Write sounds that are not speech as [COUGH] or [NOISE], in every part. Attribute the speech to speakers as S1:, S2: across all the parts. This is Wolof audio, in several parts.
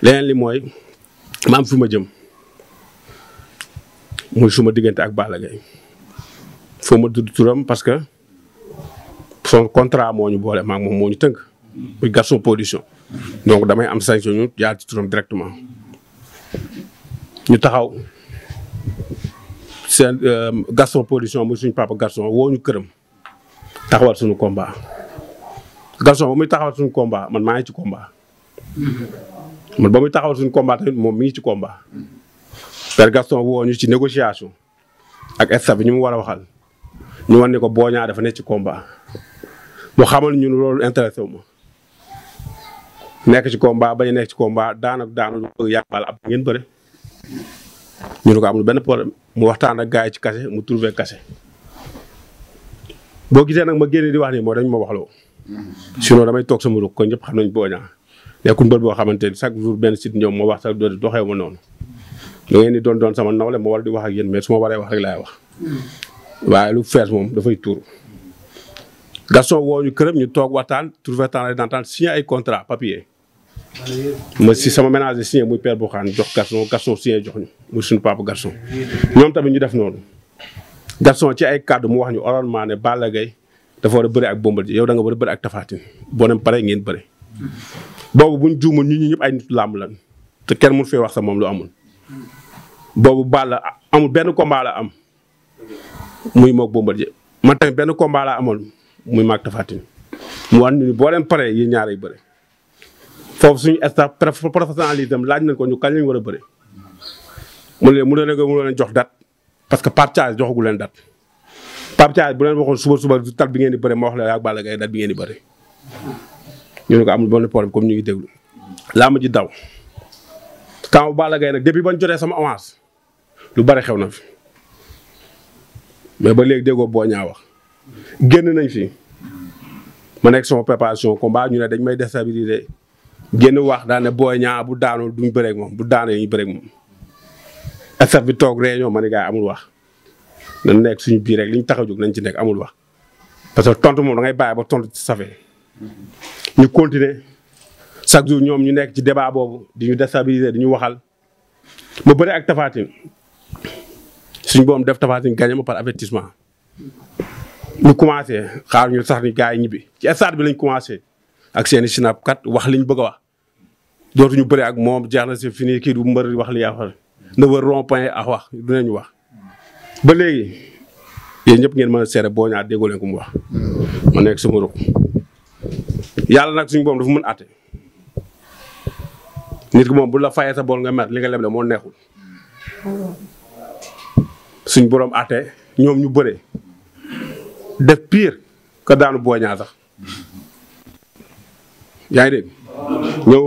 S1: leneen li mooy ma am fi ma jëm muy suma diggante ak Balla Gaye foo ma tudd turam parce que son contrat moo ñu boole maa moom moo ñu tënk muy Gaston Production donc damay am sanction ñu jaar ci turam directement ñu taxaw seen euh, Gaston Production muy suñu papa Gaston woo ñu këram taxawal suñu komba Gaston ba muy taxawal suñu combat man maa ngi ci combat man ba muy taxaw suñu combat tamit moom mi ngi ci combat. Père Gaston woo ñu ci négociation ak staff bi ñu mu war a waxal ñu wan ne ko Boy Niang dafa nekk ci combat mu xamal ñun loolu intéressé wu ma. nekk ci combat bañ a nekk ci combat daanaka daanaka bëgg yàqal ab ngeen bëre ñu ne ko amul benn problème mu waxtaan ak gars ci kase mu trouvé kase boo gisee nag ma génne di wax nii moo dañ ma waxloo mm-hmm. sinon damay toog sama rukk ko ñëpp xam nañ Boy Niang nekkul mbër boo xamante ni chaque jour benn site ñoom moo wax sax doxee ma noonu da ngeen doon doon sama nawle ma war wax ak yéen mais su ma waree lu fees moom dafay tuur. Gaston woo ñu ñu toog waxtaan trouver temps d'entente ay contrat papier. ma si sama ménage signé muy père Bokhane jox Gaston Gaston signé jox ñu muy suñu papa Gaston. ñoom tamit ñu def noonu. Gaston ci ay kàddu mu wax ñu oralment ne Balla Gaye dafa war a bëri ak Bombardier yow da nga war a bëri ak Tapha Tine boo pare ngeen bëri. boobu buñ juumul ñun ñi ñëpp ay nit làmb lan te kenn mun fee wax sa moom lu amul boobu Balla amul benn combat am muy moog Bombardier man benn combat la muy maag Tapha Tine mu wax ni boo leen pare yéen ñaar yi bëri foofu suñu staff professionnalisme laaj nañ ko ñu kañ lañ war a bëri mu ne mu ne rek mu leen jox date parce que Pape Thialis joxagu leen date Pape Thialis bu leen waxoon suba suba tal bi ngeen di bëri ma wax la yaa Balla Gaye date bi ngeen di bëri ñu ne ko amul benn problème comme ñu ngi laa ma ji daw temps Balla Gaye nag depuis bañ jotee sama avance lu bari xew na fi mais ba léegi déggoo boo ñaa wax génn nañ fi ma nekk sama préparation baa ñu ne dañ may déstabiliser génn wax daane ne booy ñaa bu daanoo duñ bëreeg moom bu daanoo yi bëreeg moom. staff bi toog réunion ma ne gars amul wax nañ nekk suñu biir rek li ñu tax a jóg nañ ci nekk amul wax parce que tontu moom da ngay bàyyi ba tontu ci safee ñu continuer chaque jour ñoom ñu nekk ci débat boobu di ñu déstabiliser di ñu waxal ma bëri ak Tapha suñ boom def Tapha Tine gagné ma par avertissement. ñu commencé xaar ñu sax ni gars yi ñibbi ci stade bi lañ commencé ak seen i snap kat wax liñ bëgg a wax dootuñu bëri ak moom jeex na si fini kii du mbër wax li yaakaar ne wër rond point ak wax dinañ wax. ba léegi yéen ñëpp ngeen mën a seere boo ñaar déggoo leen ko mu wax ma nekk sama yàlla nag suñ boom dafa mën àtte nit ki moom bu la fayee sa bool nga mer li nga leble moo neexul suñ borom àtte ñoom ñu bëree def pire que daanu booñaa sax yaa ngi dégg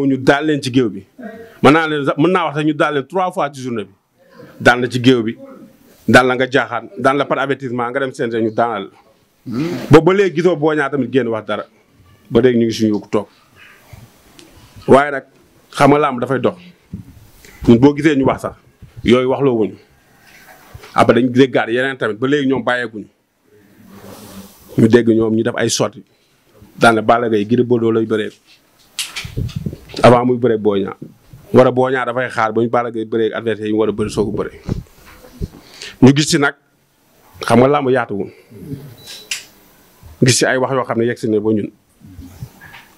S1: ñu daal leen ci géew bi mën naa leen mën naa wax sax ñu daal leen trois fois ci journée bi daan la ci géew bi daan la nga jaaxaan daan la par avertissement nga dem seen ñu daanal boobu ba léegi gisoo booñaa tamit génn wax dara ba léegi ñu ngi suñu toog waaye nag xam nga làmb dafay dox ñun boo gisee ñu wax sax yooyu wax loo wuñu après dañu gisee gaar yeneen tamit ba léegi ñoom bàyyeekuñu ñu dégg ñoom ñu def ay sotti daanaka Balla Gaye Gris Bordeaux lay bëree avant muy bëree Boy Niang war a Boy Niang dafay xaar ba ñu Balla Gaye bëree adversaire yi war a bëri soog a bëri ñu gis ci nag xam nga làmb yaatuwul gis ci ay wax yoo xam ne yegg si ne ba ñun.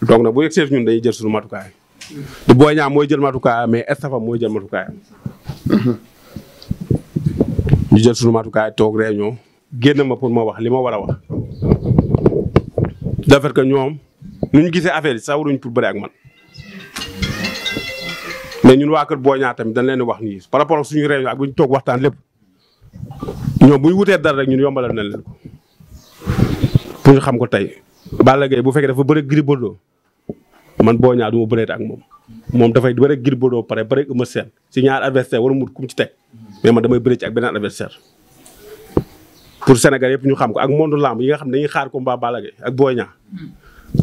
S1: donc nag bu yegsee ñun dañuy jël suñu matukaay. te Boy Niang mooy jël matukaayam mais estafam mooy jël matukaayam. ñu jël suñu matukaay toog réunion génn ma pour ma wax li ma war a wax. dafa que ñoom nu ñu gisee affaire yi sax waruñ pour bëri ak man. mais ñun waa kër Boy Niang tamit dañ leen wax nii par rapport suñu réunion ak bu ñu toog waxtaan lépp ñoom bu ñu wutee dara rek ñun yombalal nañ leen ko pour ñu xam ko tey. Balla Gaye bu fekkee dafa bëri Gris man Boy Niang ma bëreet ak moom moom dafay bëre Gris Bordeaux pare bëre Eumeu Sène si ñaar adversaire wala mu kum ci teg mais man damay bëre ci ak beneen adversaire pour Sénégal yëpp ñu xam ko ak monde lamb yi nga xam ne dañuy xaar combat Balla Gaye ak Boy Niang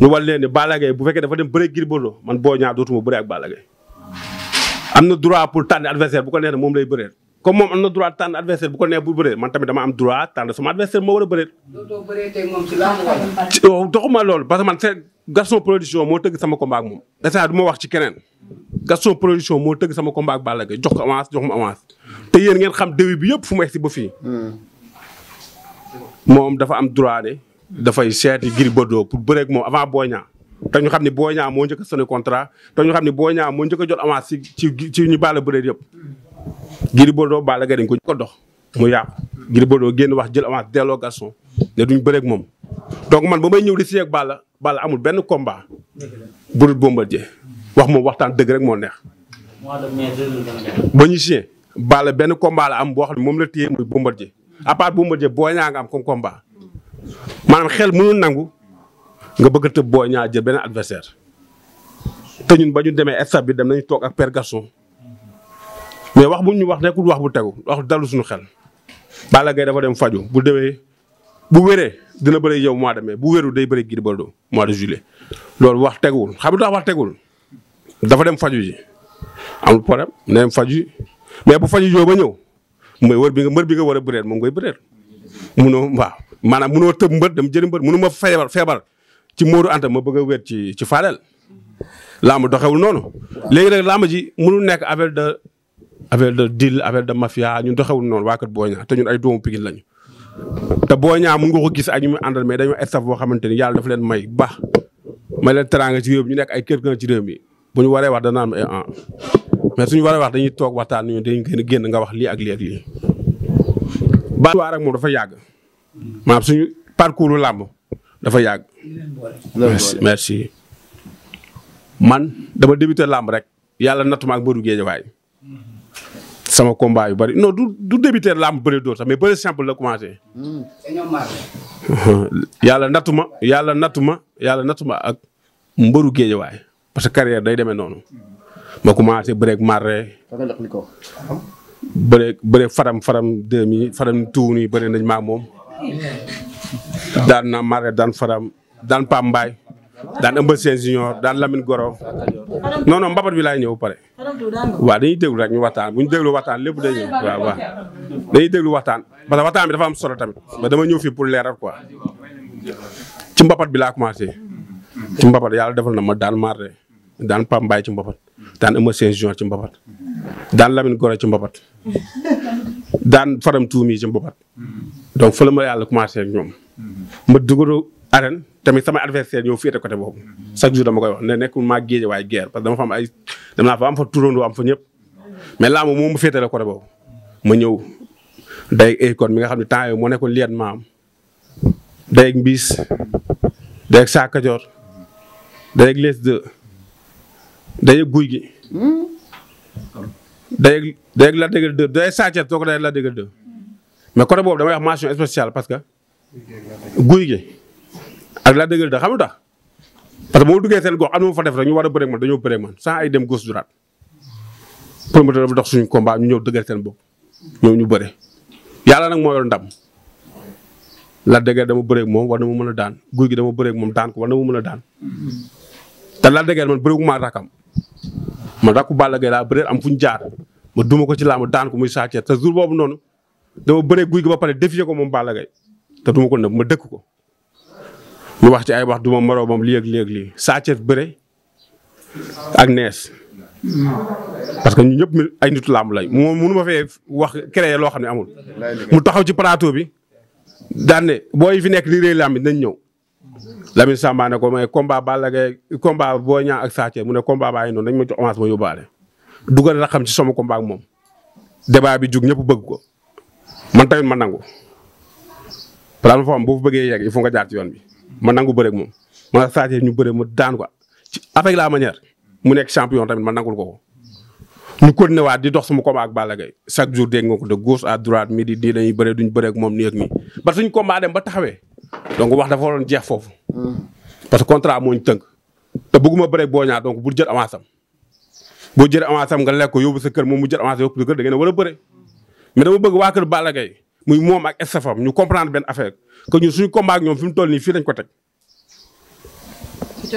S1: ñu wal leen bu fekkee dafa dem bëre Gris Bordeaux man Boy Niang dootuma bëre ak Balla Gaye am na droit pour tànn adversaire bu ko neex ne moom lay bëree comme moom am na droit tànn adversaire ko neex bu bëreel man tamit dama am droit tànn sama adversaire moo war a bëreel. dootoo bëree tey moom ci làmb wala. Oh, Gaston production moo tëgg sama combat ak moom. état du ma wax ci keneen Gaston production moo tëgg sama combat ak Balla Gaye jox ko jox mu avance te yéen ngeen xam début bi yëpp fu mu egsi ba fii. Hmm. moom dafa am droit de dafay seeti Gris Bordeaux pour bëreeg moom avant Boy Niang te ñu xam ne Boy Niang moo njëkk a contrat te ñu xam ne Boy Niang moo njëkk a jot avance ci ci ci ñu Balla bëree yëpp. Gris Bordeaux Balla Gaye dañ ko ko dox mu yàqu. Gris Bordeaux génn wax jël avance delloo Gaston ne ñu bëreeg moom donc man ba may ñëw di seeg Balla Balla amul benn combat. bu dul Bombardier wax moom waxtaan dëgg rek moo neex. ba ñu chien Balla benn combat la am boo xam ne moom la téye muy Bombardier à part Bombardier Boy Niang nga am comme combat maanaam xel mënul nangu nga bëgg tëb Boy Niang jël beneen adversaire te ñun ba ñu demee stade bi dem nañu toog ak Père Gasson mais wax bu ñu wax nekkul wax bu tegu wax dalu suñu xel Balla Gaye dafa dem faju bu demee bu wéree dina bëri yow mois de mai bu wéru day bëri Gris mois de juillet loolu wax teguwul xam nga wax tegul dafa dem faju ji amul problème na dem faju mais bu faju joo ba ñëw mooy war bi nga mbër bi nga war a bëreet moom ngay bëreet munoo waaw maanaam munoo tëb mbër dem jëli mbër munu ma feebar feebar ci Modou Anta ma bëgg a wéet ci ci Fadel làmb doxewul noonu léegi nag làmb ji mënul nekk affaire de affaire de deal affaire de mafia ñun noonu waa kër booy ñaa te ñun ay doomu Pikine lañu te boo ñaa mu nga ko gis ak ñu mu àndal mais dañoo staff boo xamante ni yàlla dafa leen may baax may leen teraanga ci réew mi ñu nekk ay quelqu'un ci réew mi bu ñu waree wax dana am ay mais suñu waree wax dañuy toog waxtaan ñu dañuy gën a génn nga wax lii ak lii ak lii. baax na yàgg maanaam suñu parcours làmb dafa yàgg. merci man dama débuté làmb rek yàlla nattu ma ak mbëru Géejawaay sama combat yu bari non du du débuté la am bëri dóor sax mais bëri simple la commencé. Hmm, [LAUGHS] yàlla nattu ma yàlla nattu ma yàlla nattu ma ak mbëru géejawaay parce que carrière day demee noonu. ma commencé bëreeg marre. bëreeg bëreeg faram faram deux mi faram tuuni bëri nañ ma ak moom. Hmm. daan na marre daan faram daan Pambaay. daan ëmb seen junior daan Lamine Goro non non mbapat bi laay ñëw pare. waaw dañuy déglu rek ñu waxtaan bu ñu déglu waxtaan lépp day ñëw waaw waaw. dañuy waxtaan parce que bi dafa am solo tamit ba dama ñëw fii pour leeral quoi ci mbapat bi laa commencé. ci mbapat yàlla defal na ma daan Marley daan Pape Mbaye ci mbapat daan ëmb seen junior ci mbapat daan Lamine Goro ci mbapat daan Faram Tuumi ci mbapat donc fa ma yàlla commencé ak ñoom ma dugg arène tamit sama adversaire ñëw féete côté boobu chaque jour dama koy wax ne nekkul maa géej waaye guerre parce que dama fa am ay dem naa fa am fa turandoo am fa ñëpp mais laa moom moom mu féete la côté boobu ma ñëw day ay kon mi nga xam ne temps yooyu moo nekkoon liet ma am day ak mbiis day saakajoor day ak les guy gi day ak day ak la dëgg deux day saaceet da ko day la dëgg deux boobu dama wax mention spéciale parce que guy gi ak Lac de Guiers 2 xam nga tax parce que boo duggee seen gox am na mu fa def rek ñu war a bëreeg man dañoo bëreeg man sans ay dem gauche droite promoteur dafa dox suñu combat ñu ñëw seen bopp ñoom ñu bëre. yàlla nag moo yor ndam Lac dama bëreeg moom war mu mën a daan guy gi dama bëreeg moom daan ko war na mu a daan te Lac de Guiers man bëreegu maa rakkam man rakku Balla laa bëreeg am fu ñu jaar ma duma ko ci laa ma daan ko muy saa te boobu noonu dama bëreeg guy gi ba pare défier ko moom Balla Gaye te duma ko nëb ma dëkk ko. lu wax ci ay wax duma moroomam lii ak lii li lii Sa Thiès bëre ak nees parce que ñu ñëpp ay nitu làmb lañ moom mënu ma fee wax créer loo xam ne amul. mu taxaw ci plateau bi daan ne booy fi nekk di réy làmb nañ ñëw. Lamine Samba ne ko mais combat Balla Gaye combat Boy Niang ak Sa Thiès mu ne combat baa ngi noonu dañ ma jox avance ma yóbbaale. dugal xam ci sama combat ak moom débat bi jug ñëpp bëgg ko man tamit ma nangu. par exemple foo xam boo fa bëggee yegg il faut nga jaar ci yoon bi. ma nangu bëre ak moom ma Sa Thiès ñu bëre ma daan ko ci avec la manière mu nekk champion tamit ma nangul ko ko. ñu ne waa di dox sama combat ko Balla Gaye chaque jour dégg nga ko de gauche à droite midi nii dañuy bëre duñ bëre moom nii ak nii ba suñ combat dem ba taxawee donc wax dafa waroon jeex foofu. parce que contrat moo ñu tënk. te bëgguma bëre boo ñaa donc bu jël avance am boo jël avance am nga lekk ko yóbbu sa kër moom mu jël avance yóbbu sa kër da ngeen a war a bëre bëgg waa kër Balla muy moom ak SFM ñu comprendre benn affaire que ñun suñu combat ak ñoom fi mu toll nii fii lañ ko teg.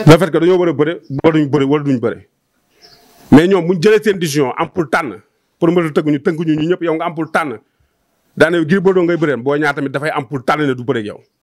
S1: le fait que dañoo war a bëre war duñ bëre wala duñ bëre mais ñoom bu ñu jëlee seen décision am pour tànn pour mën a tënkuñu tënkuñu ñu ñëpp yow nga am pul tànn daanaka Gris Bordeaux ngay bëreen boo ñaar tamit dafay am pour tànn ne du bëre yow.